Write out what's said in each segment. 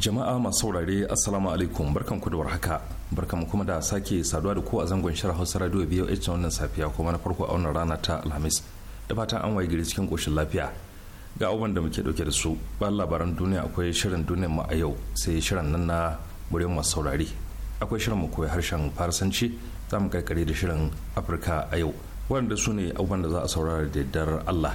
jama'a masu saurare assalamu alaikum barkan ku da warhaka barkan kuma da sake saduwa da ku a zangon shirin hausa radio biyo a wannan safiya kuma na farko a wannan rana ta alhamis da fatan an waye gari cikin koshin lafiya ga abubuwan da muke dauke da su bayan labaran duniya akwai shirin duniyar mu a yau sai shirin nan na muryar masu saurare akwai shirin mu koyi harshen farsanci za mu kai da shirin afirka a yau waɗanda su ne abubuwan da za a saurara da daddar allah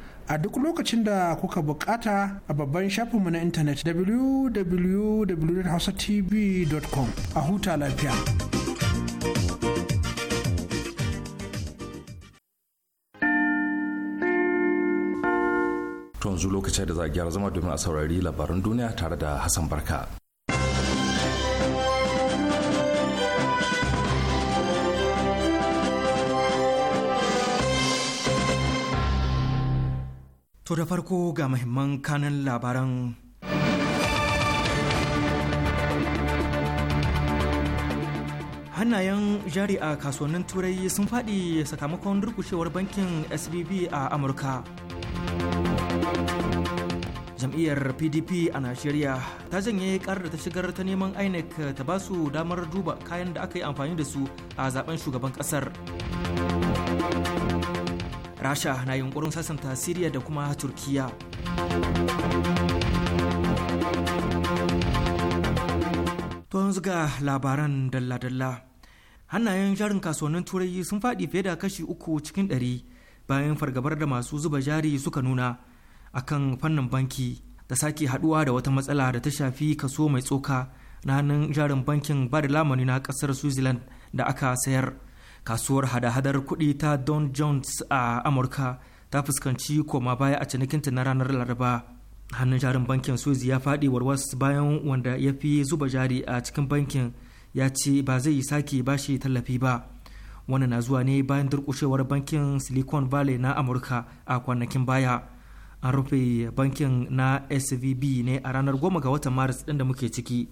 a duk lokacin da kuka bukata a babban shafinmu na intanet www.hausatv.com a huta lafiya. To lokacin da za a gyara zama domin a saurari labaran duniya tare da Hassan Barka. To da farko ga muhimman kanan labaran hannayen jari a kasuwannin turai sun faɗi sakamakon durkushewar bankin SBB a amurka jam'iyyar pdp a najeriya ta janye karar da ta shigar ta neman inec ta ba su damar duba kayan da aka yi amfani da su a zaben shugaban ƙasar. rasha na yunkurin sasanta siriya da kuma turkiya don zuga labaran dalla-dalla hannayen jarin kasuwannin turai sun faɗi fiye da kashi uku cikin ɗari bayan fargabar da masu zuba jari suka nuna a kan fannin banki da sake haɗuwa da wata matsala da ta shafi kaso mai tsoka na hannun jarin bankin ba da lamani na ƙasar switzerland da aka sayar kasuwar hada-hadar kuɗi ta don jones a amurka ta fuskanci koma baya a cinikinta na ranar laraba hannun jarin bankin suez ya faɗi warwas bayan wanda ya fi zuba jari a cikin bankin ya ce ba zai yi sake bashi tallafi ba wannan na zuwa ne bayan durƙushewar bankin silicon valley na amurka a kwanakin baya an rufe bankin na svb ne a ranar goma ga watan maris ɗin da muke ciki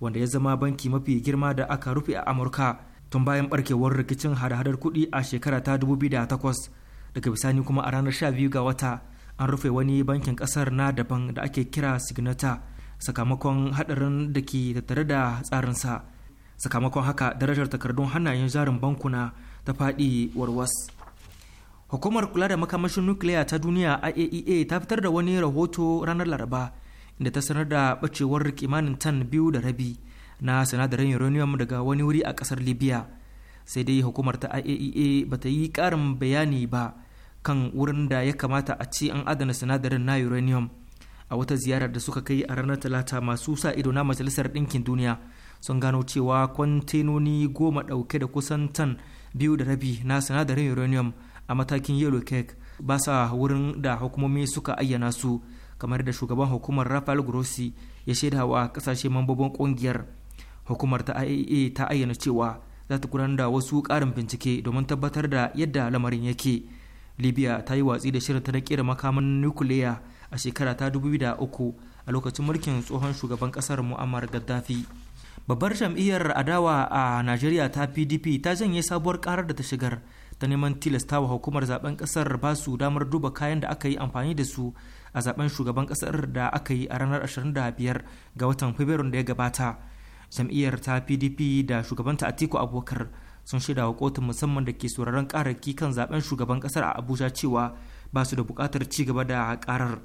wanda ya zama banki mafi girma da aka rufe a amurka tun bayan barkewar rikicin hada-hadar kuɗi a shekara ta 2008 daga bisani kuma a ranar 12 ga wata an rufe wani bankin ƙasar na daban da ake kira signata sakamakon hadarin da ke tattare da tsarinsa sakamakon haka darajar takardun hannayen jarin bankuna ta faɗi warwas hukumar kula da makamashin nukiliya ta duniya iaea e ta fitar da wani rahoto ranar laraba inda ta sanar da bacewar kimanin tan biyu da rabi na sinadarin uranium daga wani wuri a kasar libya sai dai hukumar ta iaea e ba ta yi karin bayani ba kan wurin da ya kamata a ce an adana sinadarin na uranium a wata ziyarar da suka kai a ranar talata masu sa ido na majalisar ɗinkin duniya sun gano cewa kwantenoni goma ɗauke da kusan tan biyu da rabi na sinadarin uranium a matakin yellow cake ba sa wurin da hukumomi suka ayyana su kamar da shugaban hukumar rafael grossi ya shaidawa kasashe mambobin kungiyar hukumar ta iaea e ta ayyana cewa za ta gudanar da wasu ƙarin bincike domin tabbatar da yadda lamarin yake libya ta yi watsi da shirin ta na kira makaman nukiliya a shekara ta 2003 a lokacin mulkin tsohon shugaban kasar muammar gaddafi babbar jam'iyyar adawa a najeriya ta pdp ta janye sabuwar karar da ta shigar ta neman tilastawa hukumar zaben kasar ba su damar duba kayan da aka yi amfani da su a zaben shugaban kasar da aka yi a ranar 25 ga watan fabrairun da ya gabata jam'iyyar ta pdp da shugabanta atiku abubakar sun shaida wa kotun musamman da ke sauraron kararki kan zaben shugaban kasar a abuja cewa ba su da bukatar ci gaba da karar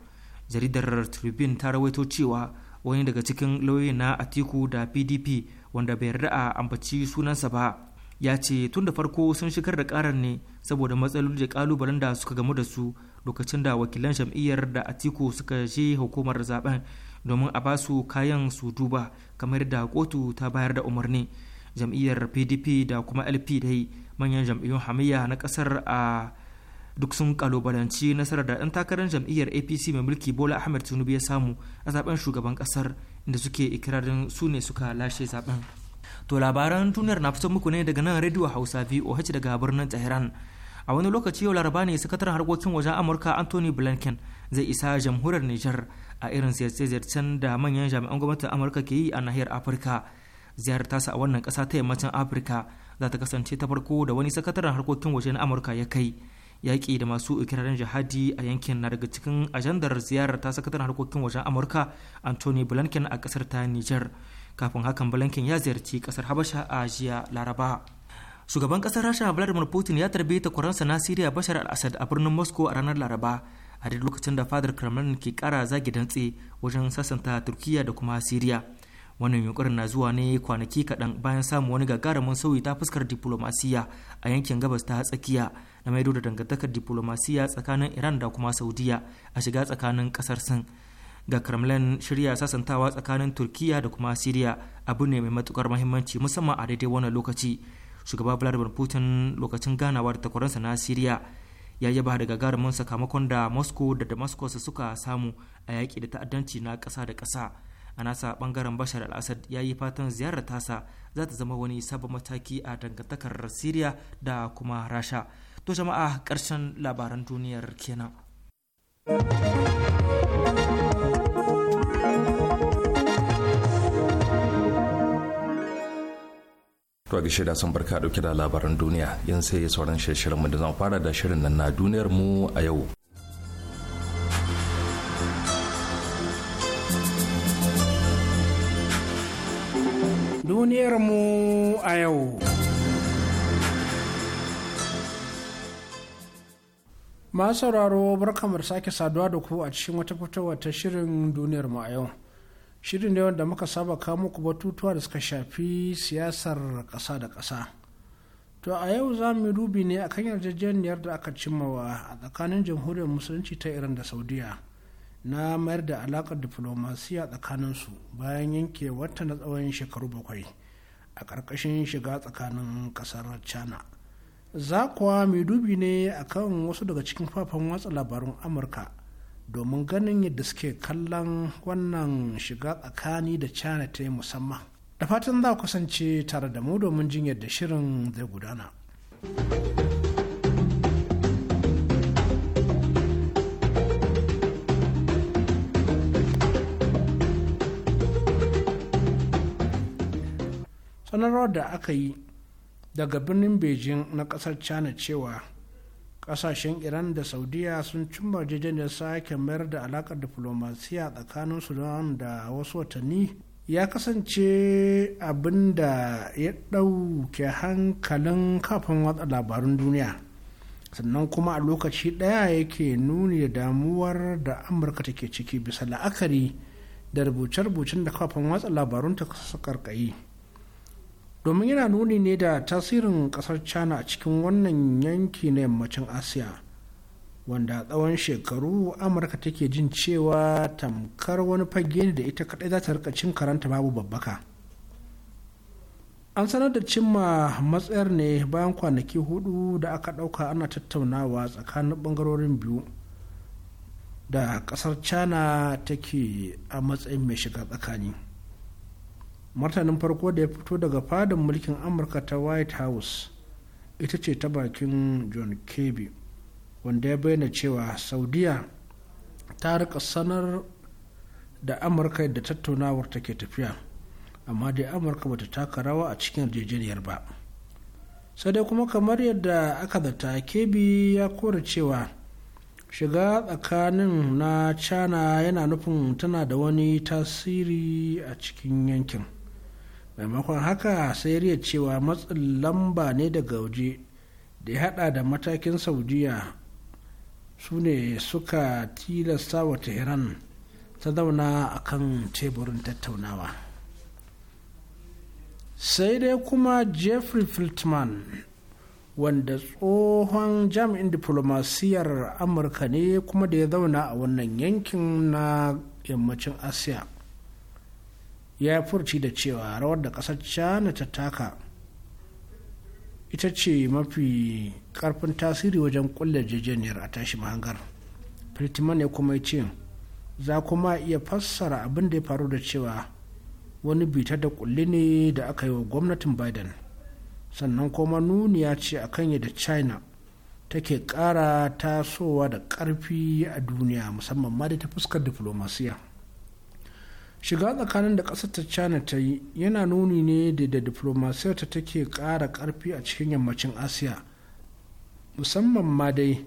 jaridar tribune ta rawaito cewa wani daga cikin lauyi na atiku da pdp wanda bai yarda a ambaci sunansa ba ya ce tun da farko sun shigar da karar ne saboda matsaloli da kalubalen da suka gamu da su lokacin da wakilan jam'iyyar da atiku suka je hukumar zaben domin a ba su kayan su duba kamar da kotu ta bayar da umarni jam'iyyar pdp da kuma lp dai manyan jam'iyyun hamayya na kasar a duk sun kalubalanci nasarar da ɗan takarar jam'iyyar apc mai mulki bola ahmed tinubu ya samu a zaben shugaban kasar inda suke ikirarin su ne suka lashe zaben to labaran duniyar na fito muku ne daga nan rediyo hausa voh daga birnin tehran a wani lokaci yau laraba ne sakataren harkokin wajen amurka anthony blinken zai isa jamhuriyar niger a irin ziyarce-ziyarcen da manyan jami'an gwamnatin amurka ke yi a nahiyar afirka ziyarar tasa a wannan kasa ta yammacin afirka za ta kasance ta farko da wani sakataren harkokin waje na amurka ya kai yaƙi da masu ikirarin jihadi a yankin na daga cikin ajandar ziyarar ta sakataren harkokin wajen amurka anthony blinken a kasar ta niger kafin hakan blinken ya ziyarci kasar habasha a jiya laraba shugaban kasar rasha vladimir putin ya tarbi takwaransa na syria bashar al-assad a birnin moscow a ranar laraba a duk lokacin da fadar kremlin ke kara zagi dantse wajen sasanta turkiya da kuma siriya wannan yunkurin na zuwa ne kwanaki kaɗan bayan samun wani gagarumin sauyi ta fuskar diplomasiya a yankin gabas ta tsakiya na maido da dangantakar diplomasiya tsakanin iran da kuma saudiya a shiga tsakanin kasar sin ga kremlin shirya sasantawa tsakanin turkiya da kuma siriya abu ne mai matukar mahimmanci musamman a daidai wannan lokaci shugaba vladimir putin lokacin ganawa da takwaransa na siriya ya yaba da gagarumin sakamakon da moscow da damascus suka samu a yaƙi da ta'addanci na ƙasa da ƙasa a nasa ɓangaren bashar al-assad ya yi fatan ziyarar tasa za ta zama wani sabon mataki a dangantakar syria da kuma rasha to jama'a ƙarshen labaran duniyar kenan To ga da sun barka dauke da labaran duniya yin sai sauran shirin mu da zan fara da shirin nan na duniyar mu a yau. Duniyar mu a yau. Masu sauraro barkamar sake saduwa da ku a cikin wata fitowa ta shirin duniyar mu a yau. shirin da wanda muka saba kawo muku batutuwa da suka shafi siyasar ƙasa da ƙasa to a yau za mu dubi ne akan yarjejeniyar da aka cimmawa a tsakanin jamhuriyar musulunci ta iran da saudiya na mayar da alaƙar diflomasiya tsakaninsu bayan yanke wata na tsawon shekaru bakwai a ƙarƙashin shiga tsakanin ƙasar china za kuwa mai dubi ne akan wasu daga cikin fafan watsa labarun amurka domin ganin yadda suke kallon wannan shiga tsakani da china ta yi musamman da fatan za kusance tare da mu domin jin yadda shirin zai gudana sanarwar da aka yi daga birnin beijing na kasar china cewa kasashen iran da saudiya sun cimma yarjejeniyar sake mayar da alakar diplomasiya tsakanin sudan da wasu watanni ya kasance abin da ya ɗauke hankalin kafin watsa labarun duniya sannan kuma a lokaci ɗaya yake nuni da damuwar da amurka take ciki bisa la'akari da rubuce-rubucen da kafin watsa labarun ta karkayi domin yana nuni ne da tasirin kasar china a cikin wannan yanki na yammacin asiya wanda tsawon shekaru amurka take jin cewa tamkar wani fage da ita kadai za ta rika cin karanta babu babbaka an sanar da cimma matsayar ne bayan kwanaki hudu da aka dauka ana tattaunawa tsakanin bangarorin biyu da kasar china take a matsayin mai shiga tsakani martanin farko da ya fito daga fadin mulkin amurka ta white house ita ce ta bakin john kirby wanda ya bayyana cewa saudiya ta rika sanar da amurka da tattaunawar take tafiya amma dai amurka bata taka rawa a cikin yarjejeniyar ba sai dai kuma kamar yadda aka zata kebi ya kora cewa shiga tsakanin na china yana nufin tana da wani tasiri a cikin yankin maimakon haka sai riya cewa matsin lamba ne daga waje da ya hada da matakin saudiya su ne suka tilasta wa tehran ta zauna a kan teburin tattaunawa sai dai kuma jeffrey fultman wanda tsohon jami'in diplomasiyar amurka ne kuma da ya zauna a wannan yankin na yammacin asiya ya yi furci da cewa rawar da ƙasar china ta taka ita ce mafi karfin tasiri wajen kulle jejeniyar a tashi mahangar fritman ya kuma ce za kuma iya fassara abin da ya faru da cewa wani bita da kulle ne da aka yi wa gwamnatin biden sannan kuma nuniya ce a kan da china take kara tasowa da karfi a duniya musamman ma da ta fuskar diflomasiyya. shiga tsakanin da ƙasar ta china ta yi yana nuni ne da da diplomasiyar ta take ƙara ƙarfi a cikin yammacin asiya musamman ma dai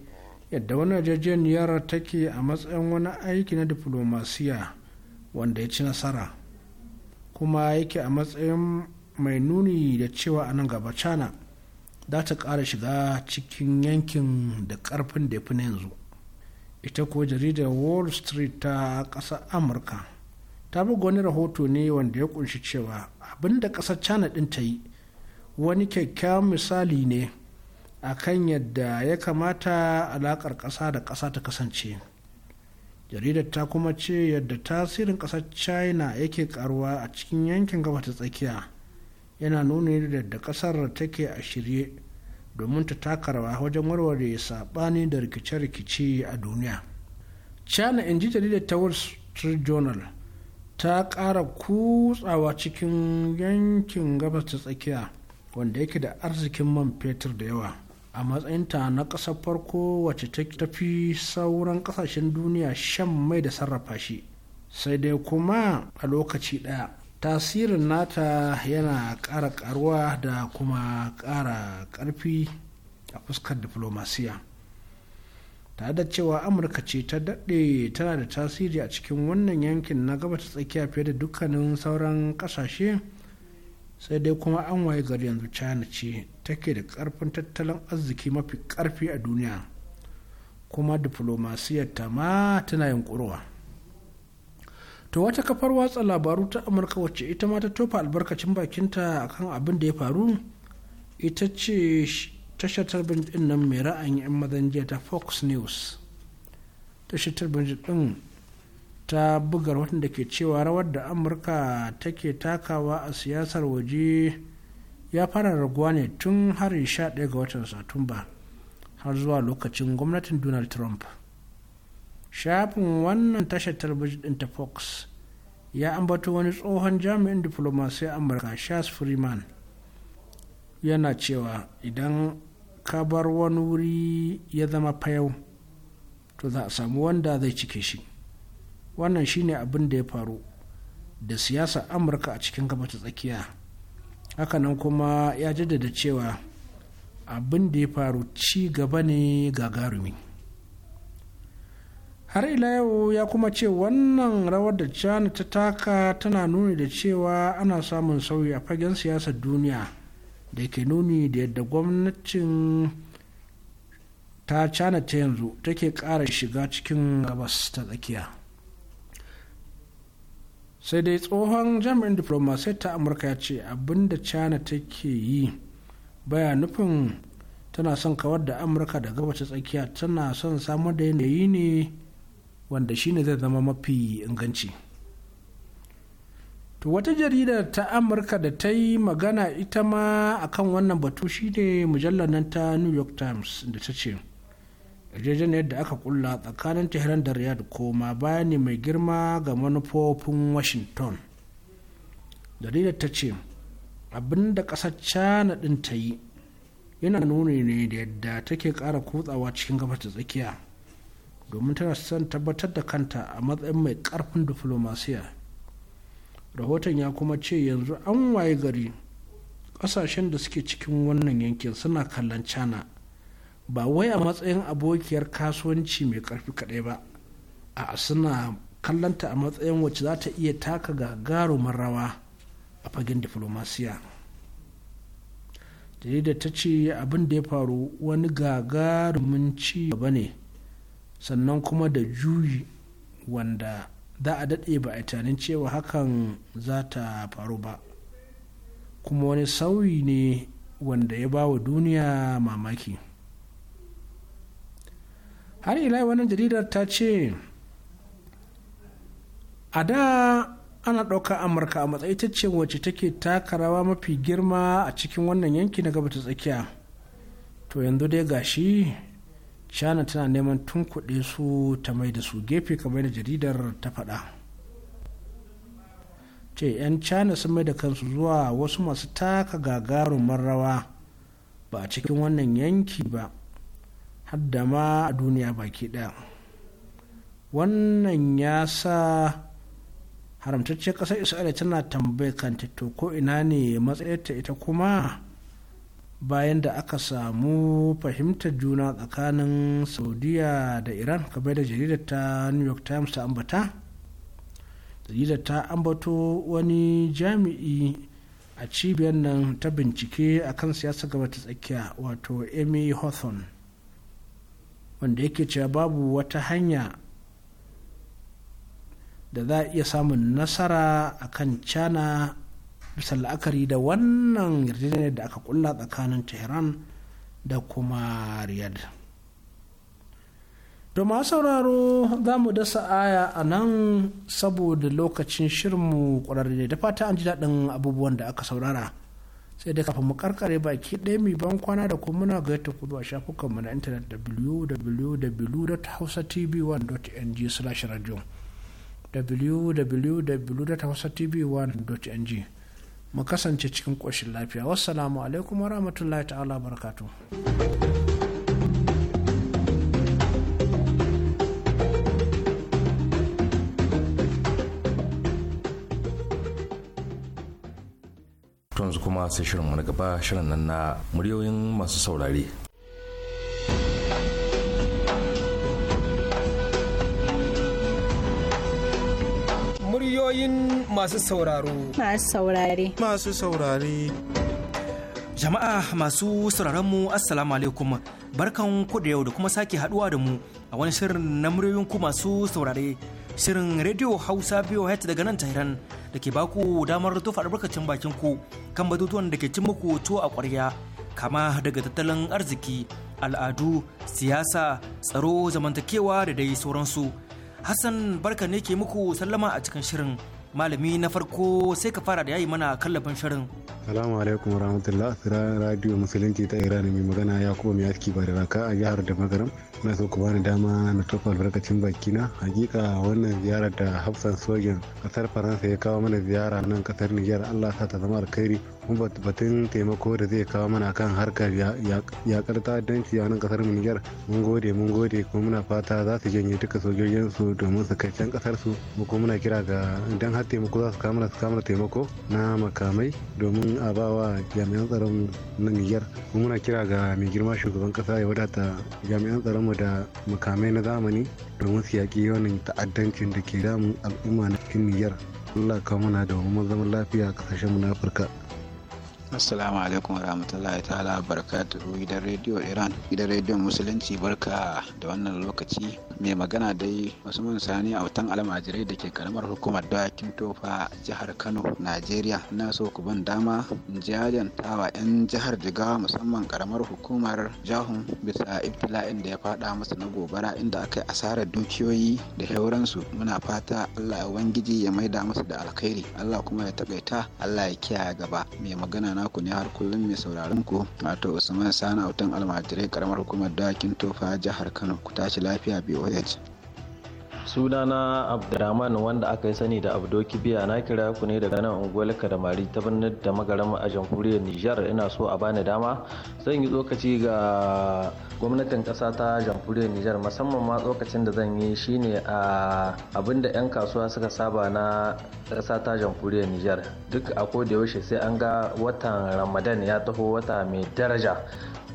yadda wani yarjejeniyar take a matsayin wani aiki na diplomasiya wanda ya ci nasara kuma yake a matsayin mai nuni da cewa a nan gaba china za ta ƙara shiga cikin yankin da karfin da fi na yanzu ita ko jaridar wall street ta ƙasar amurka ta buga wani rahoto ne wanda ya kunshi cewa abinda da ƙasar china ɗin ta yi wani kyakkyawan misali ne a kan yadda ya kamata alaƙar ƙasa da ƙasa ta kasance jaridar ta kuma ce yadda tasirin ƙasar china yake karuwa a cikin yankin gaba ta tsakiya yana nuni da yadda ƙasar take a shirye domin ta taka rawa wajen warware saɓani da rikice-rikice a duniya china in ji jaridar ta wall street journal ta ƙara kutsawa cikin yankin gabas ta tsakiya wanda yake da arzikin man fetur da yawa a matsayinta na ƙasar farko wacce ta tafi sauran ƙasashen duniya shan mai da sarrafa shi sai dai kuma a lokaci ɗaya tasirin nata yana ƙara ƙaruwa da kuma ƙara ƙarfi a fuskar diflomasiya. ta da cewa amurka ce ta daɗe tana da tasiri a cikin wannan yankin na gaba ta tsakiya fiye da dukkanin sauran ƙasashe sai dai kuma an waye gari yanzu china ce take da ƙarfin tattalin arziki mafi ƙarfi a duniya kuma diflomasiyar ta ma tana yin to wata kafar watsa labaru ta amurka wacce ita ma ta tofa albarkacin bakinta akan abin da ya faru ita ce tashar talbijin din nan mai ra'ayin 'yan mazan jiya ta fox news tashar talbijin din ta bugar rahoton ke cewa rawar da amurka take takawa a siyasar waje ya fara raguwa ne tun harin 11 ga watan satumba har zuwa lokacin gwamnatin donald trump shafin wannan tashar talabijin ɗin ta fox ya ambato wani tsohon jami'in diflomasiyar amurka charles freeman yana cewa idan ka bar wani wuri ya zama fayau to za a samu wanda zai cike shi wannan shine abin da ya faru da siyasar amurka a cikin gaba ta tsakiya hakanan kuma ya jaddada cewa abin da ya faru ci gaba ne gagarumi har ila yau ya kuma ce wannan rawar da china ta taka tana nuni da cewa ana samun sauyi a fagen siyasar duniya da ke nuni da yadda gwamnatin ta cana ta yanzu take ƙara shiga cikin gabas ta tsakiya sai dai tsohon jami'in diplomasai ta amurka ya ce abinda cana take yi baya nufin tana son kawar da amurka da gabas ta tsakiya tana son samar da yanayi ne wanda shine zai zama mafi inganci. to wata jarida ta amurka da ta yi magana ita ma a kan wannan batu shine mujallar nan ta new york times da ta ce yarjejeniyar da aka kulla tsakanin tehran da riyadh koma baya ne mai girma ga manufofin washington jaridar ta ce abin da ƙasar china ɗin ta yi yana nuni ne da yadda take ƙara kutsawa cikin gabar ta tsakiya domin tana son tabbatar da kanta a matsayin mai ƙarfin diflomasiyya. rahoton ya kuma ce yanzu an waye gari ƙasashen da suke cikin wannan yankin suna kallon cana ba wai a matsayin abokiyar kasuwanci mai ƙarfi kaɗai ba a suna kallonta a matsayin wacce za ta iya taka gagarumin rawa a fagen diflomasiya jarida ta ce abin da ya faru wani gagarumin ci gaba ne sannan kuma da juyi wanda za a daɗe ba a tunanin cewa hakan za ta faru ba kuma wani sauyi ne wanda ya ba wa duniya mamaki har ila wannan jaridar ta ce a da ana ɗaukar amurka a matsayi ta ce wacce take taka rawa mafi girma a cikin wannan yanki na gabata tsakiya to yanzu dai gashi china tana neman kuɗe su ta mai da su gefe kamar da jaridar ta faɗa ce 'yan china sun mai da kansu zuwa wasu masu taka gagarumar rawa ba a cikin wannan yanki ba hadda ma a duniya baki ɗaya wannan ya sa haramtacce ƙasar isra'ila tana tambaye kanta to ko ina ne matsayarta ita kuma bayan da aka samu fahimtar juna tsakanin saudiya da iran kamar da jaridar ta new york times ta ambata jaridar ta ambato wani jami'i a cibiyar nan ta bincike a kan siyasa gaba ta tsakiya wato amy hawthorne wanda yake cewa babu wata hanya da za a iya samun nasara a kan cana bisa la'akari da wannan yarjejeniyar da aka kulla tsakanin tehran da kuma riyadh da sauraro za mu dasa aya a nan saboda lokacin shirinmu ne da fata an ji daɗin abubuwan da aka saurara sai da kafin mu karkare baki ɗaya mai ban kwana da kuma muna ga yadda kudu a shafukanmu na intanet www.hausatv1.ng/radio www.hausatv1.ng mu kasance cikin ƙoshin lafiya wassalamu alaikum wa rahmatullahi ta'ala barkatu. yanzu kuma sai shirin na gaba shirin nan na muryoyin masu saurare masu sauraro. Masu saurare. Masu saurare. Jama'a masu sauraron mu Assalamu alaikum. Barkan ku da yau da kuma sake haduwa da mu a wani shirin na muryoyin ku masu saurare. Shirin Radio Hausa BOH daga nan tahiran da ke baku damar tofa albarkacin bakin ku kan batutuwan da ke cin muku tuwo a ƙwarya kama daga tattalin arziki, al'adu, siyasa, tsaro, zamantakewa da dai sauransu. Hassan barka ne ke muku sallama a cikin shirin malami na farko sai ka fara da yayi mana kallafin shirin Salamu alaikum rahmatullah sira radio musulunci ta Iran mai magana ya kuma mai aski ba da raka a jihar da magaram na so ku bani dama na tofa albarkacin bakina hakika wannan ziyarar da hafsan sojin kasar faransa ya kawo mana ziyara nan kasar niger allah sa ta zama alkhairi batun taimako da zai kawo mana kan harkar yakar ta'addanci a nan kasar mu Niger mun gode mun gode kuma muna fata za su janye duka sojojin su domin su kai can kasar su mu kuma muna kira ga idan har taimako za su kawo mana su kawo mana taimako na makamai domin a bawa jami'an tsaron na Niger kuma muna kira ga mai girma shugaban kasa ya wadata jami'an tsaron mu da makamai na zamani domin su yaƙi wannan ta'addancin da ke damun al'umma na cikin Niger Allah kawo mana domin zaman lafiya a kasashen mu na Afirka. Assalamu alaikum wa rahmatullahi ta'ala barakatuhu gidan rediyo Iran gidan rediyon musulunci barka da wannan lokaci mai magana dai Usman Sani Autan Almajirai da ke karamar hukumar Dawakin Tofa jihar Kano, Najeriya. Na so ku ban dama in jajantawa 'yan jihar Jigawa musamman karamar hukumar Jahun bisa ibtila'in da ya fada musu na gobara inda aka yi asarar dukiyoyi da hauransu. Muna fata Allah ya wangiji ya maida musu da alkhairi. Allah kuma ya taƙaita. Allah ya kiyaye gaba. Mai magana naku ne har kullum mai sauraron ku wato Usman Sani Autan Almajirai karamar hukumar Dawakin Tofa jihar Kano. Ku tashi lafiya biyu with it. sunana abdurrahman wanda aka yi sani da abdoki biya na kira ku ne daga nan unguwar kadamari ta birnin da magarama a jamhuriyar nijar ina so a bani dama zan yi tsokaci ga gwamnatin ƙasa ta jamhuriyar nijar musamman ma tsokacin da zan yi shine a abin da 'yan kasuwa suka saba na ƙasa ta jamhuriyar nijar duk a ko yaushe sai an ga watan ramadan ya taho wata mai daraja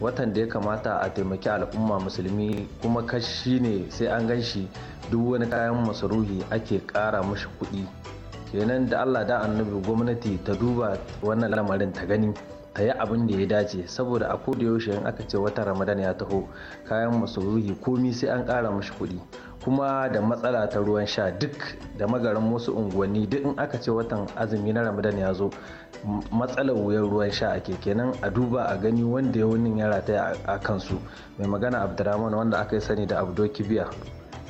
watan da ya kamata a taimaki al'umma musulmi kuma kashi ne sai an gan shi duk wani kayan masarufi ake kara mashi kuɗi kenan da allah da annabi gwamnati ta duba wannan lamarin ta gani ta yi abin da ya dace saboda a koda yaushe in aka ce wata ramadan ya taho kayan masarufi komi sai an kara mashi kuɗi kuma da matsala ta ruwan sha duk da magarin wasu unguwanni duk in aka ce watan azumi na ramadan ya zo matsalar wuyan ruwan sha ake kenan a duba a gani wanda ya wunin ya rataya a kansu mai magana abdurrahman wanda aka yi sani da abdo kibiya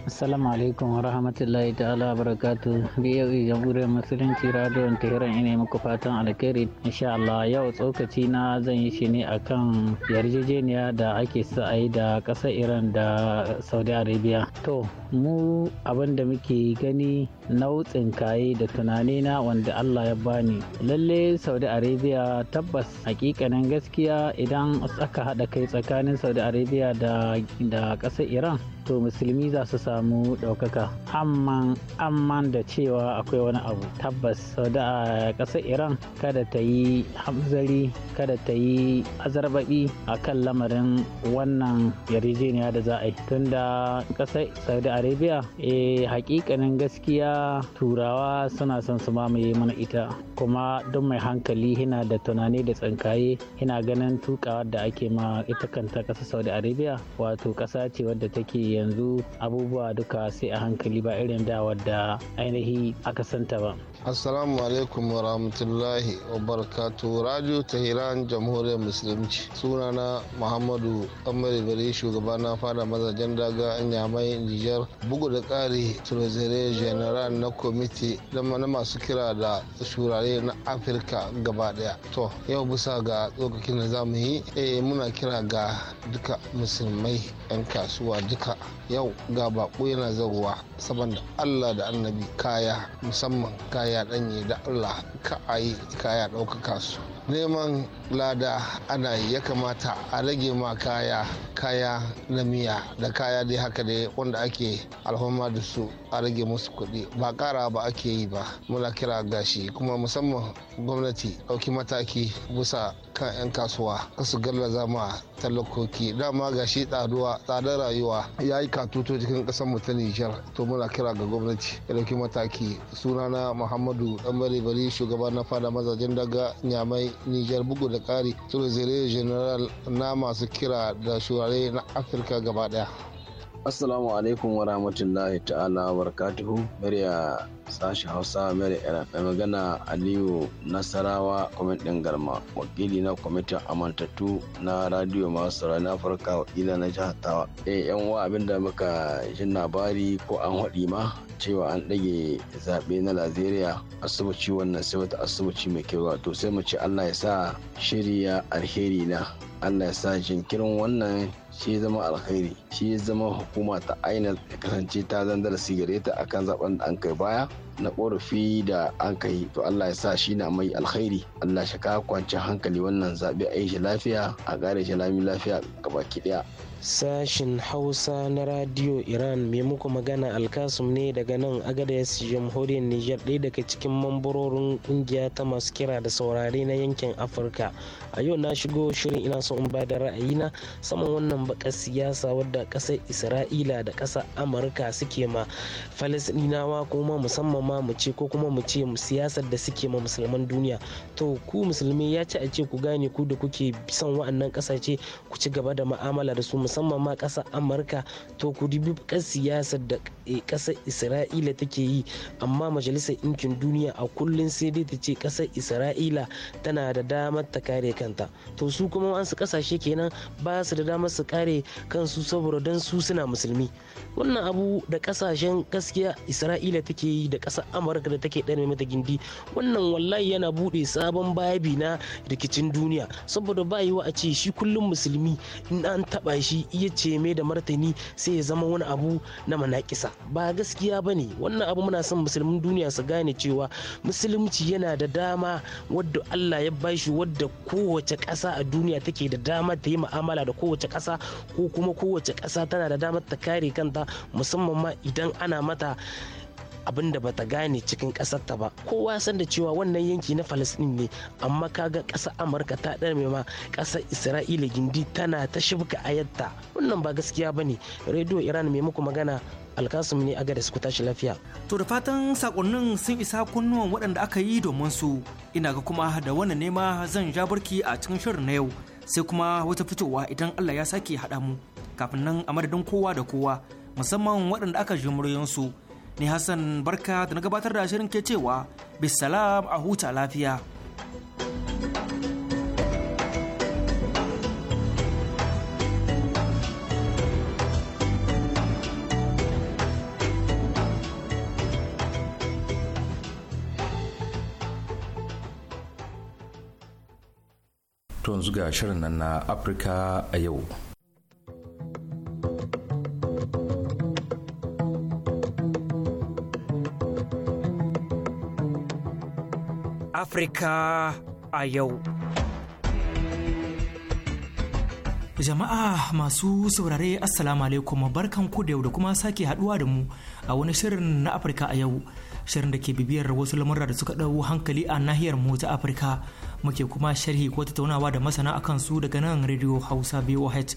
Assalamu alaikum wa rahmatullahi ta'ala wa barakatu biyu e, jamhuriyar musulunci radiyon tehran ina muku fatan alkhairi insha Allah yau tsokaci na zan yi shi ne akan yarjejeniya da ake sa da ƙasar Iran da Saudi Arabia to mu abin da muke gani nautsin kaye da tunani na wanda Allah ya bani lalle Saudi Arabia tabbas hakikanin gaskiya idan aka haɗa kai tsakanin Saudi Arabia da ƙasar Iran to musulmi za su samu ɗaukaka amman da cewa akwai wani abu tabbas da ƙasar iran kada ta yi hamzari kada ta yi azarbaɓi a kan lamarin wannan yarjejeniya da za a yi tunda ƙasar saudi arabia e eh, hakikanin gaskiya turawa suna son su mamaye mana ita kuma duk mai hankali yana da tunani da tsinkaye yana ganin tukawa da ake ma ita kanta ƙasar saudi arabia wato ƙasa ce wadda take yanzu abubuwa duka sai a hankali ba irin da wadda ainihi aka santa ba assalamu alaikum wa rahmatullahi wa barakatu radio hiran jamhuriyar musulunci sunana muhammadu amari bari shugaba na fada mazajen daga nyamai nijar bugu da ƙari trezere general na kwamiti na masu kira da shurare na afirka gaba daya to yau bisa ga tsokakin da zamu yi eh muna kira ga duka musulmai 'yan kasuwa duka yau ga bako yana zagowa saboda allah da annabi kaya musamman kaya ya ɗanye da allah ka a yi kaya ɗaukaka su neman lada ana yi ya kamata a rage ma kaya kaya na miya da kaya dai haka dai wanda ake alhama da su a rage musu kuɗi ba kara ba ake yi ba muna kira gashi kuma musamman gwamnati ɗauki mataki bisa kan 'yan kasuwa kasu gallaza ma talakoki dama ga shi tsaduwa tsadar rayuwa ya yi katuto cikin ƙasar mu ta nijar to muna kira ga gwamnati ya ɗauki mataki sunana muhammadu dan bari bari shugaba na fada mazajen daga nyamai nijar bugu da ƙari sulozere general na masu kira da shurare na afirka gaba daya. Assalamu alaikum wa rahmatullahi ta'ala wa barakatuhu. Murya sashi Hausa murya Iraq. Mai magana Aliyu Nasarawa kwamit ɗin Garma. Wakili na kwamitin amantattu na Radio masu na Afirka wakila na jihar Tawa. Eh yan uwa abinda muka jin labari ko an haɗi ma cewa an ɗage zaɓe na Najeriya asibiti wannan sai wata asibiti mai kyau wato sai mu ce Allah ya sa shirya alheri na. Allah ya sa jinkirin wannan shi ya zama alkhairi shi ya zama hukuma ta aina ya kasance ta zandar darasi akan zaben da an kai baya na ƙorafi da an kai to Allah ya sa shi na mai alkhairi Allah shi ka kwanci hankali wannan zaɓe a yi shi lafiya a gare shi lami lafiya gabaki ɗaya. Sashin Hausa na Radio Iran mai muku magana alkasum ne daga nan Agadez jamhuriyar Nijar ɗaya daga cikin mambarorin ƙungiya ta masu kira da saurare na yankin Afirka. A yau na shigo shirin ina so in bada ra'ayina saman wannan baka siyasa wadda kasar Isra'ila da ƙasar Amurka suke ma Falasɗinawa kuma musamman ma mu ce ko kuma mu ce siyasar da suke ma musulman duniya to ku musulmi ya ci a ce ku gane ku da kuke son wa'annan kasashe ku ci gaba da ma'amala da su musamman ma kasar amurka to ku dubi kan siyasar da kasar eh, isra'ila take yi amma majalisar ɗinkin duniya a kullum sai dai ta ce kasar isra'ila tana da damar ta kare kanta to su kuma an su kasashe kenan ba su da damar su kare kansu saboda don su suna musulmi wannan abu da kasashen gaskiya isra'ila take yi da ƙasar amurka da take ɗane mata gindi wannan wallahi yana buɗe sabon babi na rikicin duniya saboda ba yiwa a ce shi kullum musulmi in an taɓa shi iya ce mai da martani sai ya zama wani abu na manaƙisa ba gaskiya ba ne wannan abu muna son musulmin duniya su gane cewa musulunci yana da dama wadda allah ya bashi wadda kowace ƙasa a duniya take da dama ta yi mu'amala da kowace ƙasa ko kuma kowace ƙasa tana da damar ta kare kanta musamman ma idan ana mata abin da bata gane cikin ƙasar ta ba kowa san da cewa wannan yanki na falastin ne amma kaga ƙasar amurka ta ɗarme ma ƙasar isra'ila gindi tana ta shibka ayatta wannan ba gaskiya ba ne rediyo iran mai muku magana alkasum ne aga da su tashi lafiya. To da fatan sakonnin sun isa kunnuwan waɗanda aka yi domin su ina ga kuma da wannan nema zan ja barki a cikin shirin na yau sai kuma wata fitowa idan Allah ya sake haɗa mu kafin nan a madadin kowa da kowa musamman waɗanda aka jimuriyansu su Ni Hassan barka da na gabatar da shirin ke cewa bisalam a huta lafiya. To yanzu ga shirin nan na Afirka a yau. Afrika a yau. Jama'a masu saurare Assalamu alaikum barkan ku da yau da kuma sake haduwa da mu a wani shirin na Afirka a yau. Shirin da ke bibiyar wasu lamurra da suka ɗau hankali a nahiyar mu ta Afirka muke kuma sharhi ko tattaunawa da masana akan su daga nan Radio Hausa BOH.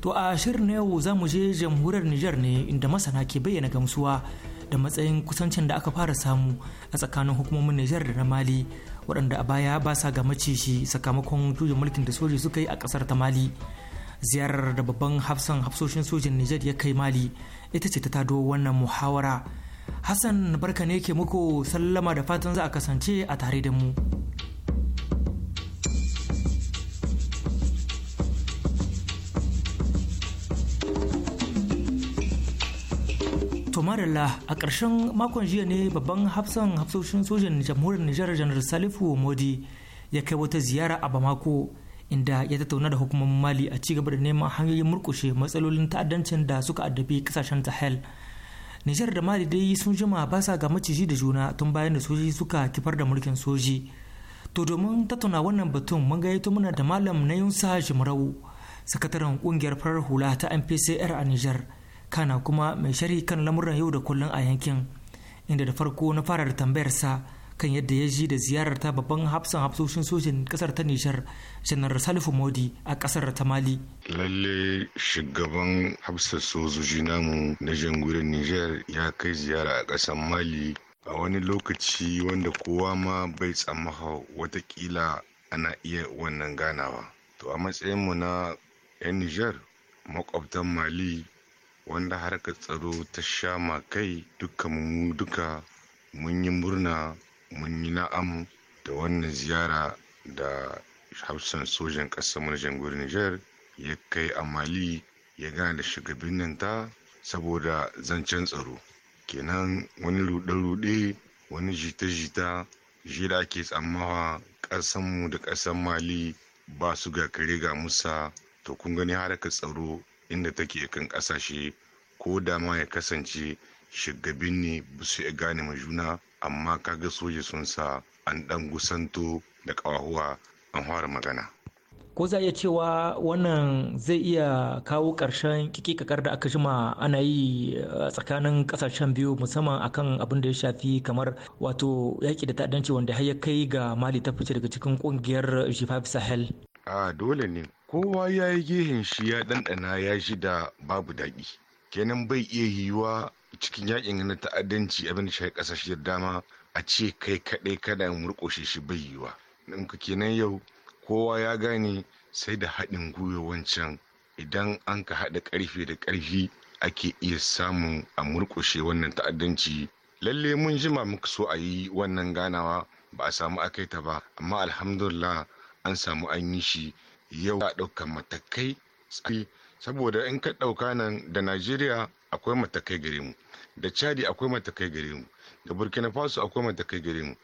To a shirin na yau za mu je jamhuriyar Nijar ne inda masana ke bayyana gamsuwa da matsayin kusancin da aka fara samu a tsakanin hukumomin Nijar da na Mali waɗanda a baya ba sa ga shi sakamakon juyin mulkin da soji suka yi a ƙasar ta Mali. Ziyarar da babban hafsan hafsoshin sojin Nijar ya kai Mali ita ce ta tado wannan muhawara. Hassan barka ne ke muku sallama da fatan za a kasance a tare da mu. To marilla a ƙarshen makon jiya ne babban hafsan hafsoshin sojan jamhuriyar Nijar janar Salifu Modi ya kai wata ziyara a Bamako inda ya tattauna da hukumomin Mali a cigaba da neman hanyoyin murkushe matsalolin ta'addancin da suka addabi kasashen Sahel. Nijar da Mali dai sun jima ba sa ga maciji da juna tun bayan da soji suka kifar da mulkin soji. To domin tattauna wannan batun mun gayyato muna da malam na Yunsa Jimarau sakataren kungiyar farar hula ta MPCR a Nijar. kana kuma mai sharhi kan lamuran yau da kullum a yankin inda da farko na fara da tambayar sa kan yadda ya ji da ziyarar ta babban hafsan hafsoshin sojin kasar ta nishar janar salifu modi a kasar ta mali lalle shugaban hafsan sojoji namu na jamhuriyar nijar ya kai ziyara a kasar mali a wani lokaci wanda kowa ma bai tsammaha watakila ana iya wannan ganawa to a matsayin mu na 'yan nijar makwabtan mali wanda harkar tsaro ta sha makai duka mu duka mun yi murna mun yi na'am da wannan ziyara da hafsan sojan ƙasar murjan Nijar ya kai a Mali ya gana da shugabannin ta saboda zancen tsaro. Kenan wani ruɗe-ruɗe wani jita-jita shi da ake tsammawa ƙasanmu da ƙasar Mali ba su ga kare ga Musa to kun gani harkar tsaro inda take kan ƙasashe ko da ma ya kasance shiga ne ba su iya gane ma juna amma kaga soja sun sa an ɗan gusanto da ƙawahuwa an fara magana. ko za iya cewa wannan zai iya kawo ƙarshen kikikakar da aka jima ana yi eh, tsakanin ƙasashen biyu musamman akan abin da ya shafi kamar wato yaƙi da ta'addanci wanda har ya kai ga mali ta fice daga cikin ƙungiyar g sahel a ah, dole ne kowa ya yi gehen shi ya ɗanɗana ya shi da babu daɗi kenan bai iya yiwuwa cikin yakin na ta'addanci abin da shi ƙasashe dama a ce kai kaɗai kada in murƙushe shi bai yiwuwa in ka kenan yau kowa ya gane sai da haɗin gwiwa wancan idan an ka haɗa ƙarfe da ƙarfi ake iya samun a murƙushe wannan ta'addanci lalle mun jima muka so a yi wannan ganawa ba a samu akai ta ba amma alhamdulillah an samu an yi shi yau a ɗaukar matakai tsari saboda in ka ɗauka nan da najeriya akwai matakai gare mu da chadi akwai matakai gare mu da burkina faso akwai matakai gare mu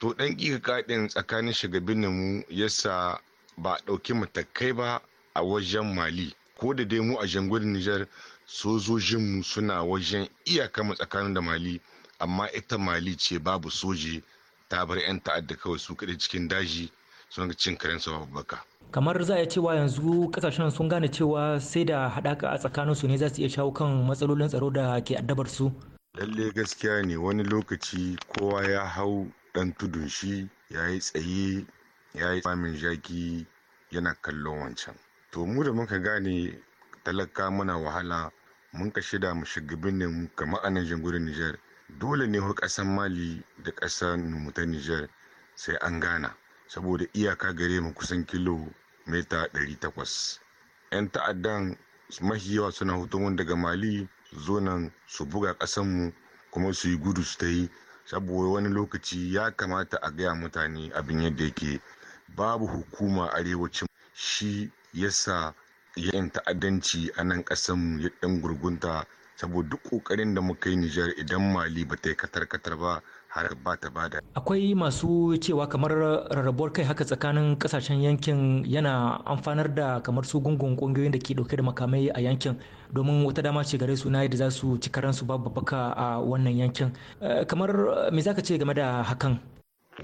to ɗan ƙiƙa kaɗin tsakanin shugabin mu yasa ba a ɗauki matakai ba a wajen mali ko da dai mu a jangon nijar sojojin mu suna wajen iyaka mu tsakanin da mali amma ita mali ce babu soje ta bar 'yan ta'adda kawai su kaɗai cikin daji sun cin karen sababbaka. baka kamar za a cewa yanzu kasashen sun gane cewa sai da haɗaka a tsakanin su ne za su iya shawo kan matsalolin tsaro da ke addabar su lalle gaskiya ne wani lokaci kowa ya hau ɗan tudun shi ya yi tsaye ya yi famin jaki yana kallon wancan to mu da muka gane talaka mana wahala mun ka shida mu shugabin ne mu ma'anar jangurin nijar dole ne hu ƙasan mali da ƙasar mu ta nijar sai an gana saboda iyaka gare mu kusan kilomita 800 'yan ta'addan mafi yawa suna hutumin daga mali zonan su buga ƙasanmu kuma su yi gudu su ta yi saboda wani lokaci ya kamata a gaya mutane abin yadda yake babu hukuma arewacin shi yasa yin ta'addanci a nan ƙasanmu ya ɗan gurgunta saboda duk kokarin da muka yi Nijar idan Mali ba ta yi katar-katar ba har ba ta bada. Akwai masu cewa kamar rarrabuwar kai haka tsakanin kasashen yankin yana amfanar da kamar su gungun kungiyoyin da ke dauke da makamai a yankin domin wata dama ce gare su na yadda za su ci su babu baka a wannan yankin. Eh, kamar me zaka ce game da hakan?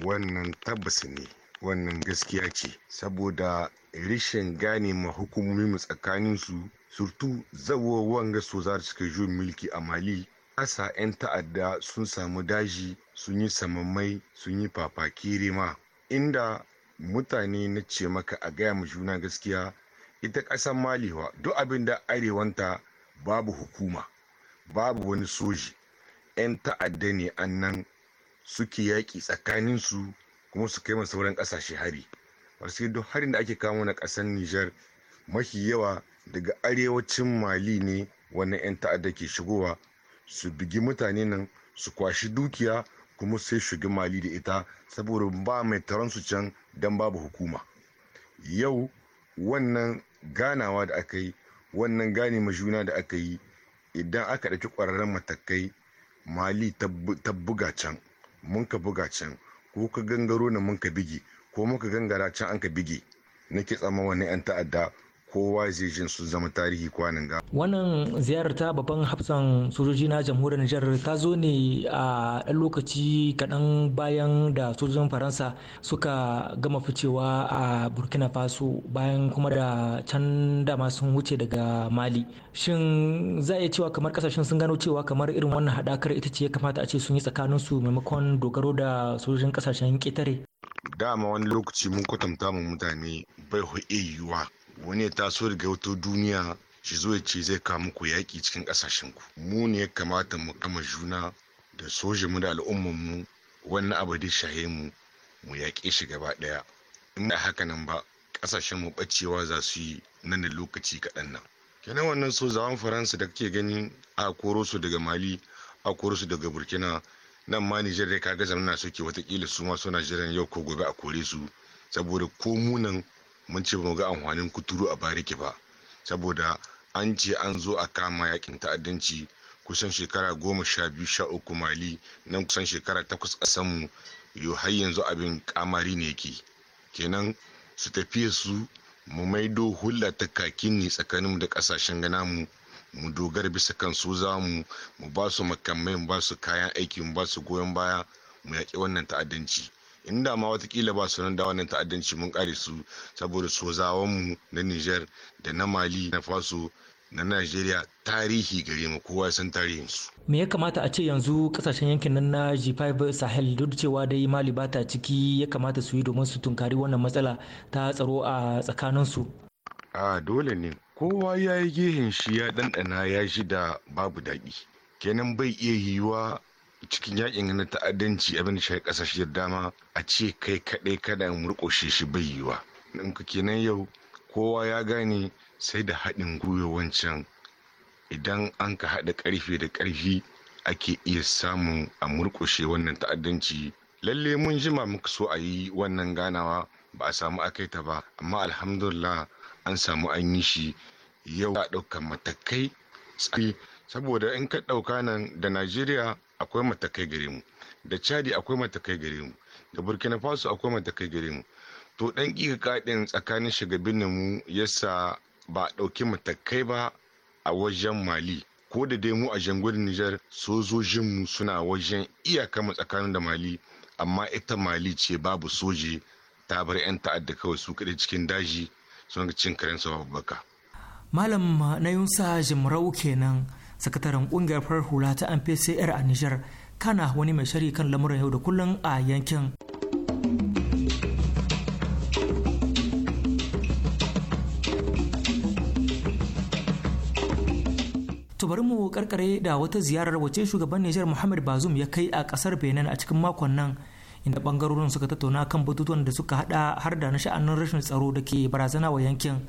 Wannan tabbas ne. wannan gaskiya ce saboda rashin gane ma hukumomi mu tsakaninsu surtu zawo wanga su suka juyin mulki a mali asa 'yan ta'adda sun samu daji sun yi samammai sun yi fafakire ma inda mutane na ce maka a gaya mu juna gaskiya ita ƙasar maliwa duk abin da arewanta babu hukuma babu wani soji 'yan ta'adda ne annan suke yaƙi tsakaninsu kuma su kai sauran ƙasashe hari wasu duk harin da ake kamo na ƙasar nijar mafi yawa daga arewacin mali ne wannan 'yan ta'adda ke shigowa su bigi mutane nan su kwashi dukiya kuma sai shugin mali da ita saboda ba mai taron su can don babu hukuma yau wannan ganawa da aka yi wannan gane majuna da aka yi idan aka ɗauki ƙwararren matakai mali ta buga can mun ka buga can ko ka gangaro na mun ka bige ko muka gangara can an ka bige nake tsama wani 'yan ta'adda kowa zai jin su zama tarihi kwanan ga. Wannan ziyarar ta babban hafsan sojoji na jamhuriyar Nijar ta zo ne a ɗan lokaci kaɗan bayan da sojojin Faransa suka gama ficewa a Burkina Faso bayan kuma da can dama sun wuce daga Mali. Shin za iya cewa kamar kasashen sun gano cewa kamar irin wannan haɗakar ita ce ya kamata a ce sun yi su maimakon dogaro da sojojin kasashen ƙetare. Dama wani lokaci mun kwatanta mu mutane bai yiwuwa wani ya taso daga wata duniya shi zo ya ce zai kawo muku yaƙi cikin ƙasashen ku. mu ne ya kamata mu kama juna da soja mu da mu wannan abu da shahe mu mu yaƙe shi gaba ɗaya in da haka nan ba ƙasashen mu ɓacewa za su yi nan da lokaci kaɗan nan kenan wannan sojawan faransa da kake gani a koro su daga mali a koro su daga burkina nan ma nijar da kaga zamana suke watakila su ma suna jiran yau ko gobe a kore su saboda ko munan mun ce ba mu ga amfanin kuturu a bariki ba saboda an ce an zo a kama yakin ta'addanci kusan shekara goma sha biyu sha uku mali nan kusan shekara takwas a samu yo har yanzu abin kamari ne yake kenan su tafiya su mu maido hulla ta kaki ne tsakaninmu da ƙasashen gana mu mu dogara bisa kan su za mu mu ba su makamai mu ba su kayan aiki mu ba su goyon baya mu yaƙi wannan ta'addanci inda ma watakila ba su nan da wannan ta'addanci mun kare su saboda mu na niger da na mali na faso na Najeriya tarihi gare mu kowa san tarihin su. Me ya kamata a ce yanzu kasashen yankin nan na G5 Sahel duk cewa dai Mali ba ta ciki ya kamata su yi domin su tunkari wannan matsala ta tsaro a tsakanin su. A dole ne kowa ya yi gehen shi ya ɗanɗana ya shi da babu daɗi. Kenan bai iya yiwuwa cikin yakin na ta'addanci abin da shi kasashe dama a ce kai kaɗai kada murkushe shi bai yiwa in ka kenan yau kowa ya gane sai da haɗin gwiwa wancan idan an ka haɗa ƙarfe da ƙarfi ake iya samun a murƙushe wannan ta'addanci lalle mun jima muka so a yi wannan ganawa ba a samu akai ta ba amma alhamdulillah an samu an yi shi yau a ɗaukar matakai saboda in ka ɗauka nan da najeriya akwai matakai gare mu da chadi akwai matakai gare mu da burkina faso akwai matakai gare mu to dan kika kadin tsakanin shugabin mu yasa ba dauki matakai ba a wajen mali ko da dai mu a jangudin nijar sojojin mu suna wajen iyaka mu tsakanin da mali amma ita mali ce babu soje ta bar 'yan ta'adda kawai su kaɗai cikin daji sun cin karen sa babbaka malam na yunsa jimrau kenan sakataren kungiyar farar hula ta mpcr a niger kana wani mai shari kan lamuran yau da kullum a yankin bari mu karkare da wata ziyarar wace shugaban Nijar Muhammad Bazoum ya kai a kasar Benin a cikin makon nan inda bangarorin suka tattauna kan batutuwan da suka hada har da na sha'anin rashin tsaro da ke barazana wa yankin.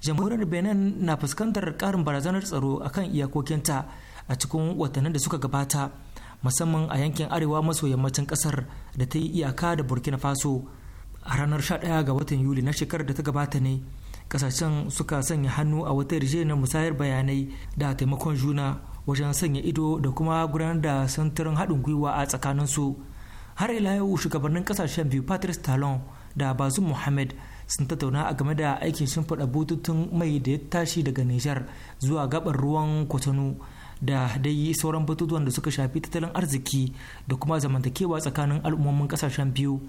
jamhuriyar benin na fuskantar karin barazanar tsaro akan iyakokinta a cikin watannin da suka gabata musamman a yankin arewa maso yammacin kasar da ta yi iyaka da burkina faso a ranar 11 ga watan yuli na shekarar da ta gabata ne kasashen suka sanya hannu a wata na musayar bayanai da taimakon juna wajen sanya ido da kuma gudanar da santarin haɗin gwiwa a tsakaninsu har ila yau shugabannin kasashen biyu patrice talon da bazum muhammad sun tattauna a game da aikin shimfiɗa bututun mai da ya tashi daga nijar zuwa gabar ruwan kwatano da dai sauran batutuwan da suka shafi tattalin arziki da kuma zamantakewa tsakanin al'ummomin kasashen biyu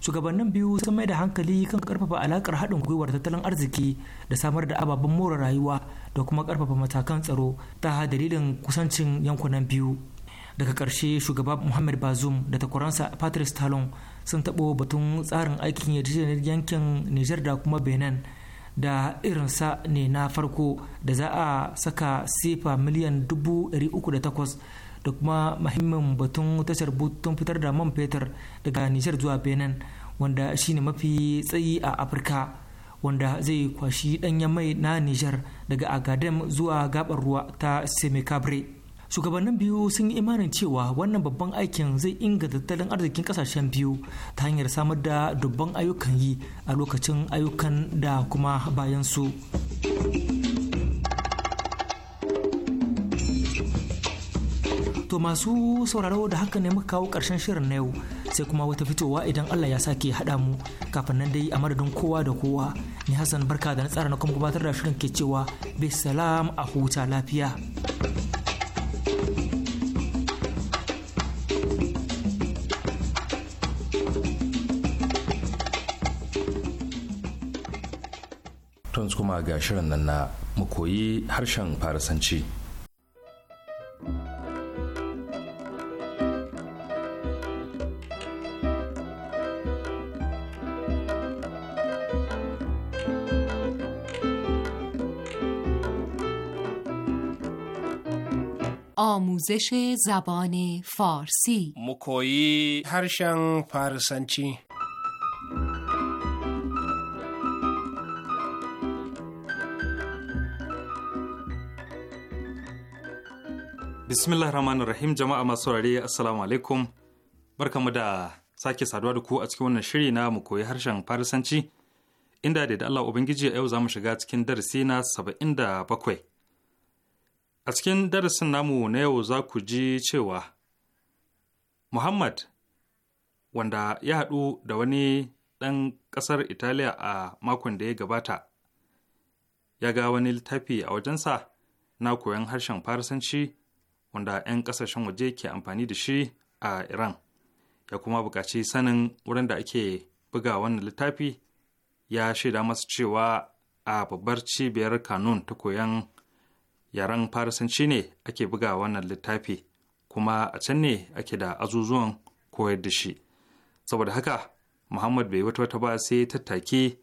shugabannin biyu sun mai da hankali kan karfafa alakar haɗin gwiwar tattalin arziki da samar da ababen more rayuwa da kuma karfafa matakan tsaro ta dalilin kusancin yankunan biyu daga karshe shugaba muhammad bazoum da takwaransa patrice talon sun taɓo batun tsarin aikin yarjejeniyar yankin nijar da kuma benin da irinsa ne na farko da za a saka sefa miliyan dubu da takwas da kuma mahimmin batun tashar butun fitar da man fetur daga nijar zuwa benin wanda shine mafi tsayi a afirka wanda zai kwashi danyen mai na nijar daga agadem zuwa gabar ruwa ta semikabre shugabannin biyu sun yi imanin cewa wannan babban aikin zai inga tattalin arzikin kasashen biyu ta hanyar samar da dubban ayyukan yi a lokacin ayyukan da kuma bayan su to masu sauraro da haka ne muka kawo karshen shirin na yau sai kuma wata fitowa idan Allah ya sake haɗa mu kafin nan dai a madadin kowa da kowa ni Hassan barka da na tsara na kuma gabatar da shirin ke cewa bisalam a huta lafiya. koma ga shirin nan na mu koyi harshen farisanci. آموزش زبان فارسی مکویی هرشن فارسنچی Bismillah Rahman rahim jama'a masu saurare assalamu alaikum barkamu da sake saduwa da ku a cikin wannan shiri na mu koyi harshen farisanci inda da Allah ubangiji yau za mu shiga cikin darasi na saba'in da bakwai a cikin darasin namu na yau za ku ji cewa Muhammad wanda ya haɗu da wani ɗan ƙasar Italiya a makon da ya gabata ya ga wani littafi a wajensa na koyon harshen farisanci wanda 'yan kasashen waje ke amfani da shi a iran ya kuma bukaci sanin wurin da ake buga wannan littafi ya shaida masu cewa a babbar cibiyar kanun ta koyan yaren farisanci ne ake buga wannan littafi kuma a can ne ake da azuzuwan koyar da shi saboda haka muhammad bai wata wata ba sai tattaki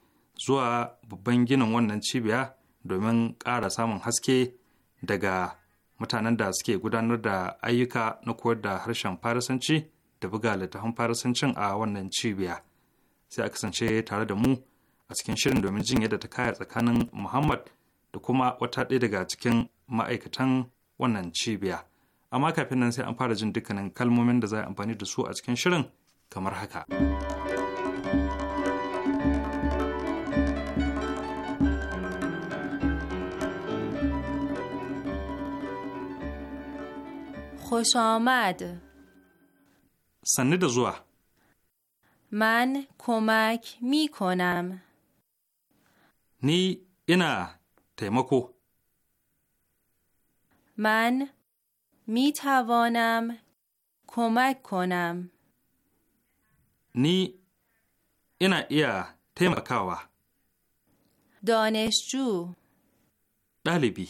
zuwa babban ginin wannan cibiya domin ƙara samun haske daga mutanen da suke gudanar da ayyuka na koyar da harshen farisanci da buga littafin farisancin a wannan cibiya sai a kasance tare da mu a cikin shirin domin jin yadda ta kaya tsakanin muhammad da kuma wata ɗaya daga cikin ma'aikatan wannan cibiya amma kafin nan sai an fara jin dukkanin kalmomin da za a amfani da su a cikin shirin kamar haka. خوش آمد سنه دا زوا من کمک می کنم نی اینا تیمکو من می توانم کمک کنم نی اینا ایا تیمکاوا دانشجو دالبی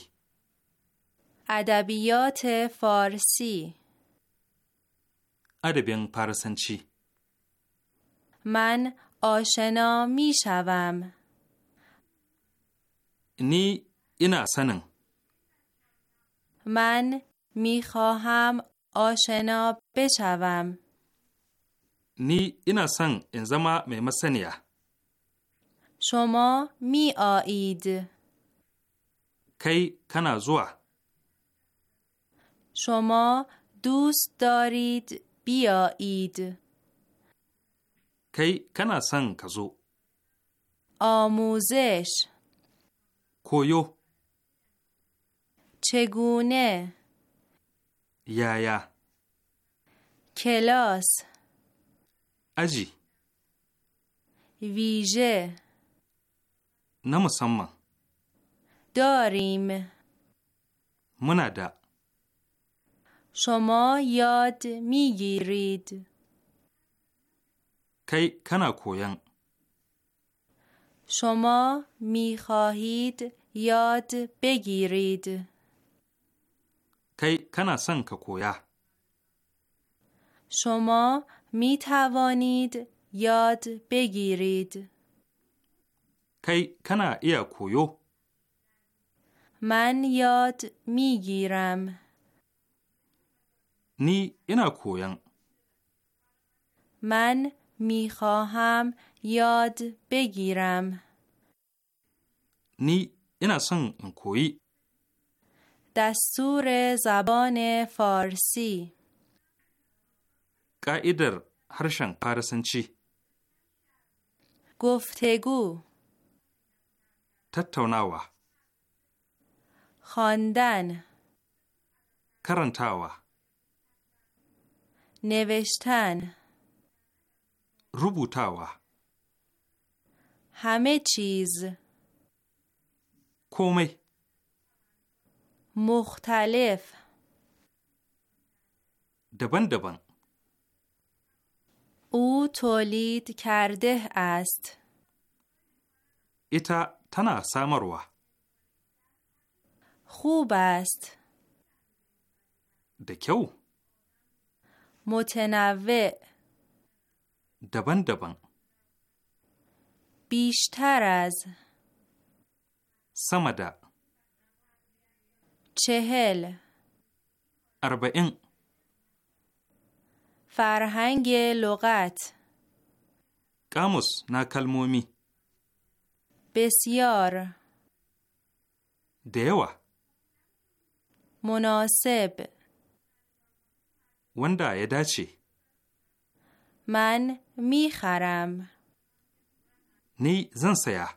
ادبیات فارسی ادبیان چی؟ من آشنا می شوم نی اینا سنن من می خواهم آشنا بشوم نی اینا سن انزما می مسنیا شما می آید کی کنا زوا شما دوست دارید بیایید کی کنا سن کزو آموزش کویو چگونه یا یا کلاس اجی ویژه نمسمم داریم منادا شما یاد میگیرید کی کنا کوین شما میخواهید یاد بگیرید کی کنا سن کویا شما می توانید یاد بگیرید کی کنا ایا کویو من یاد میگیرم نی اینا کویان من میخواهم یاد بگیرم نی اینا سن کویی دستور زبان فارسی قاعدر هرشن فارسنچی گفتگو تتوناوا خواندن کرنتاوا نوشتن روبوتاوا همه چیز کومه مختلف دبن دبن او تولید کرده است ایتا تنا سامروه. خوب است دکو متنوع دبن دبن بیشتر از سمده چهل اربعین فرهنگ لغت کاموس نا کلمومی بسیار دیوه مناسب وندا یا من میخرم نی زن سیا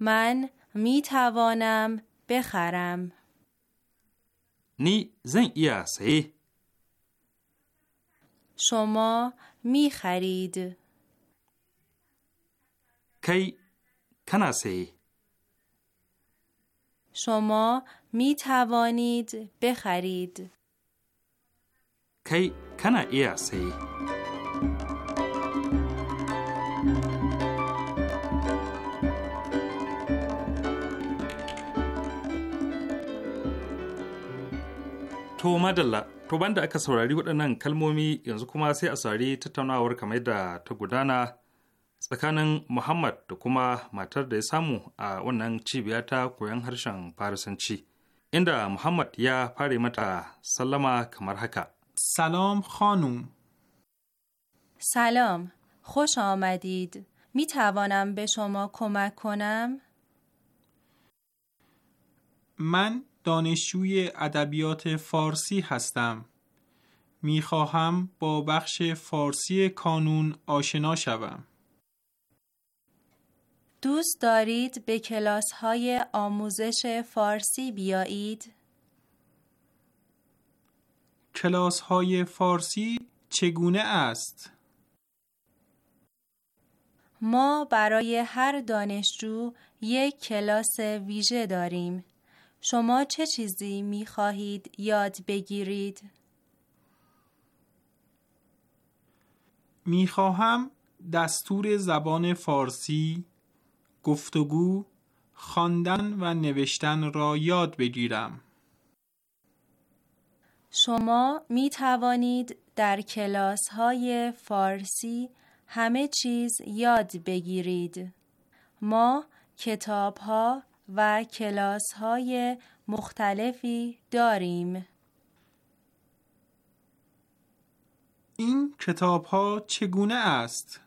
من میتوانم بخرم نی زن ایا سی شما میخرید کی کنا سی شما می توانید بخرید kai kana iya saye. To madalla, to banda aka saurari waɗannan kalmomi yanzu kuma sai a saurari tattaunawar kamar da ta gudana tsakanin Muhammad da kuma matar da ya samu a wannan cibiya ta koyon harshen Farisanci, inda Muhammad ya fare mata sallama kamar haka. سلام خانوم سلام خوش آمدید می توانم به شما کمک کنم؟ من دانشجوی ادبیات فارسی هستم می خواهم با بخش فارسی کانون آشنا شوم دوست دارید به کلاس های آموزش فارسی بیایید؟ کلاس های فارسی چگونه است؟ ما برای هر دانشجو یک کلاس ویژه داریم. شما چه چیزی می خواهید یاد بگیرید؟ می خواهم دستور زبان فارسی، گفتگو، خواندن و نوشتن را یاد بگیرم. شما می توانید در کلاس های فارسی همه چیز یاد بگیرید. ما کتاب ها و کلاس های مختلفی داریم. این کتاب ها چگونه است؟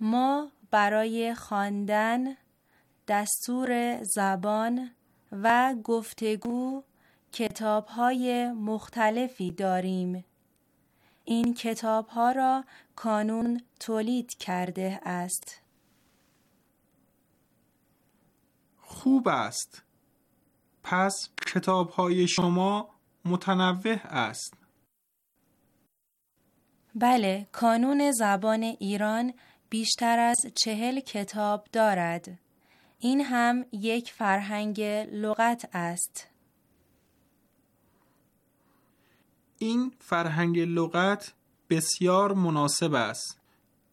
ما برای خواندن دستور زبان و گفتگو کتاب های مختلفی داریم. این کتاب ها را کانون تولید کرده است. خوب است. پس کتاب های شما متنوع است. بله، کانون زبان ایران بیشتر از چهل کتاب دارد. این هم یک فرهنگ لغت است. این فرهنگ لغت بسیار مناسب است.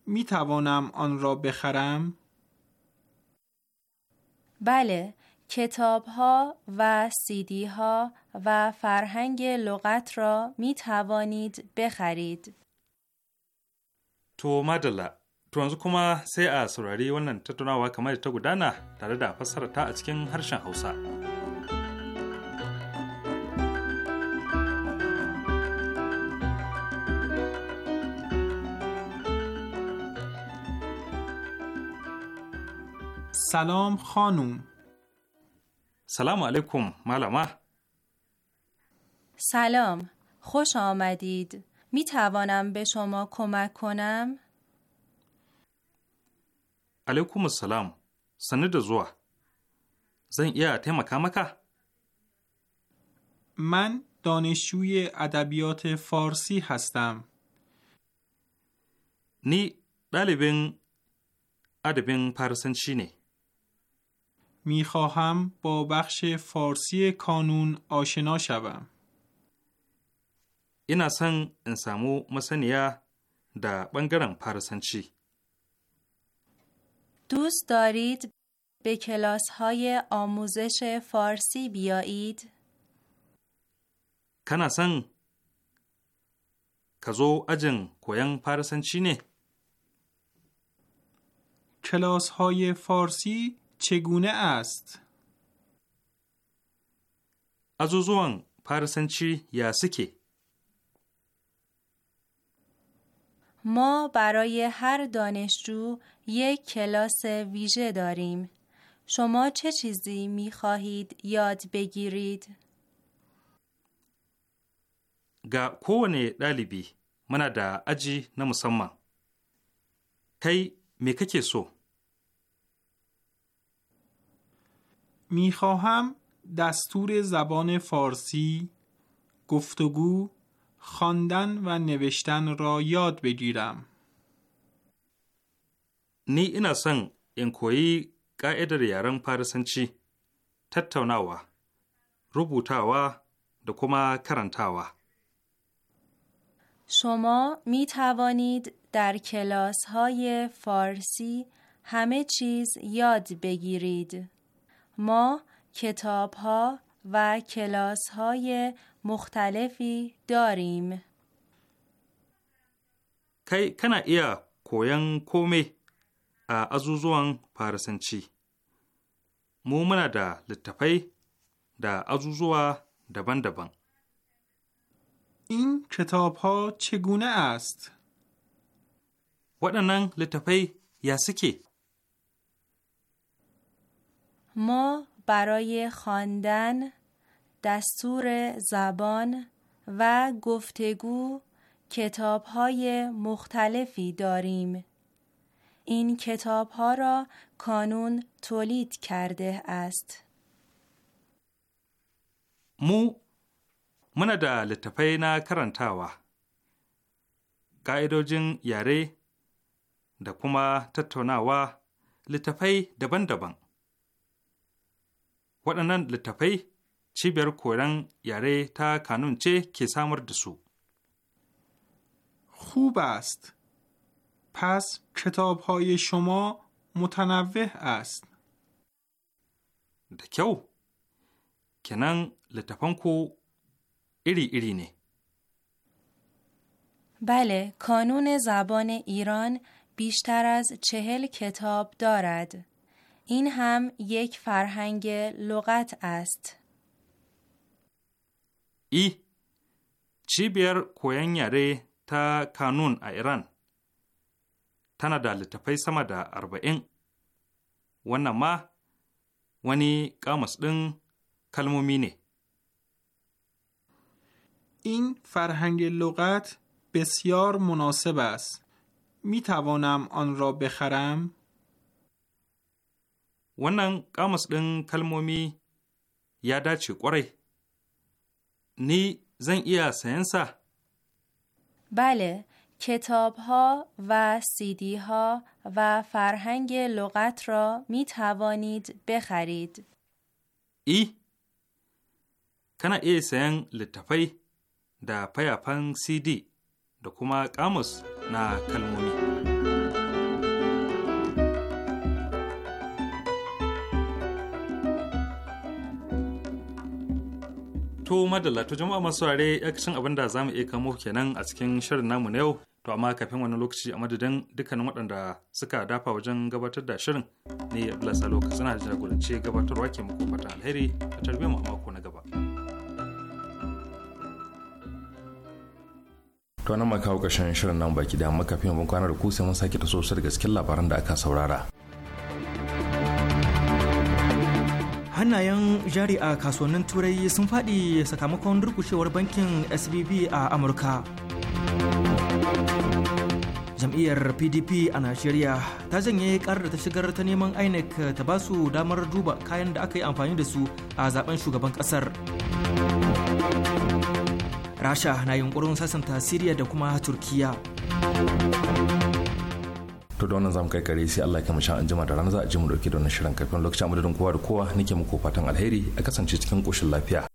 می توانم آن را بخرم؟ بله، کتاب ها و سیدی ها و فرهنگ لغت را می توانید بخرید. تو مدلا، تو انزو کما سی اصراری ونن تتونا و کما جتا تا دا پسر تا ا کن هرشن حوصا. موسیقی سلام خانوم سلام علیکم ملما سلام خوش آمدید می توانم به شما کمک کنم؟ علیکم السلام سند زوا زن یا تیم مکا من دانشجوی ادبیات فارسی هستم نی دالبین ادبین پرسنشینی نی خواهم با بخش فارسی کانون آشنا شوم. ina son in samu masaniya دا ɓangaren دوست دارید به کلاس های آموزش فارسی بیایید؟ کنا سن کزو اجن کوین پارسنچی نه؟ کلاس های فارسی چگونه است؟ پارسنچی یا سکی ما برای هر دانشجو یک کلاس ویژه داریم. شما چه چیزی می خواهید یاد بگیرید؟ گا کوونه دالیبی منا دا اجی نمسمم. کی می که سو؟ میخواهم دستور زبان فارسی گفتگو خواندن و نوشتن را یاد بگیرم نی اینا سن این کویی قاعده یارن فارسنچی tattaunawa rubutawa دکوما kuma کرنتاوا شما می توانید در کلاس های فارسی همه چیز یاد بگیرید. ما کتاب ها و کلاس های مختلفی داریم. کی کنا ایا کویان کومی ا ازوزوان پارسنچی. مو منا دا littafai دا azuzuwa دبن این کتاب ها چگونه است؟ waɗannan littafai ya suke? ما برای خواندن دستور زبان و گفتگو کتاب های مختلفی داریم. این کتاب ها را کانون تولید کرده است. مو من دا لطفه و کرانتاوا قایدوجین یاره دا کما تتوناوا لطفه دبن دبن waɗannan چی cibiyar koren یاره تا kanun ce ke samar da su. خوب است. پس کتاب های شما متنوع است. دکیو کنن کو ایری ایری نه. بله، کانون زبان ایران بیشتر از چهل کتاب دارد. این هم یک فرهنگ لغت است. ای چی بیر کوین یاری تا کانون ایران تنا دا لطفی سما دا عربا این وانا ما وانی کامس دن کلمو نی. این فرهنگ لغت بسیار مناسب است. می توانم آن را بخرم؟ wannan kamus ɗin kalmomi ya dace kwarai. Ni zan iya sayansa? Bale, کتاب ها و سیدی ها و فرهنگ لغت را می توانید بخرید. kana iya sayan littafai da fayafan cd da kuma kamus na kalmomi. To madalla to jama'a masu ware yakacin abin da zamu iya kamo kenan a cikin shirin namu na yau. To amma kafin wani lokaci a madadin dukkanin waɗanda suka dafa wajen gabatar da shirin ne Abdullahi Salo Katsina da jagorance gabatarwa ke muku fata alheri a tarbiyyar mu a mako na gaba. To nan ma kawo shirin nan baki da makafin mun kwana da ku sai mun sake da sosai da gaskiyar labaran da aka saurara. hannayen jari a kasuwannin turai sun faɗi sakamakon durkushewar bankin sbb a amurka jam'iyyar pdp a najeriya ta janye karar da ta shigar ta neman inec ta ba su damar duba kayan da aka yi amfani da su a zaben shugaban ƙasar. rasha na yunkurin sasanta siriya da kuma Turkiyya. to da wannan zamu kai kare sai Allah ya kama sha anjima da rana za a ji mu dauke da wannan shirin kafin lokacin amadadin kowa da kowa nake muku fatan alheri a kasance cikin koshin lafiya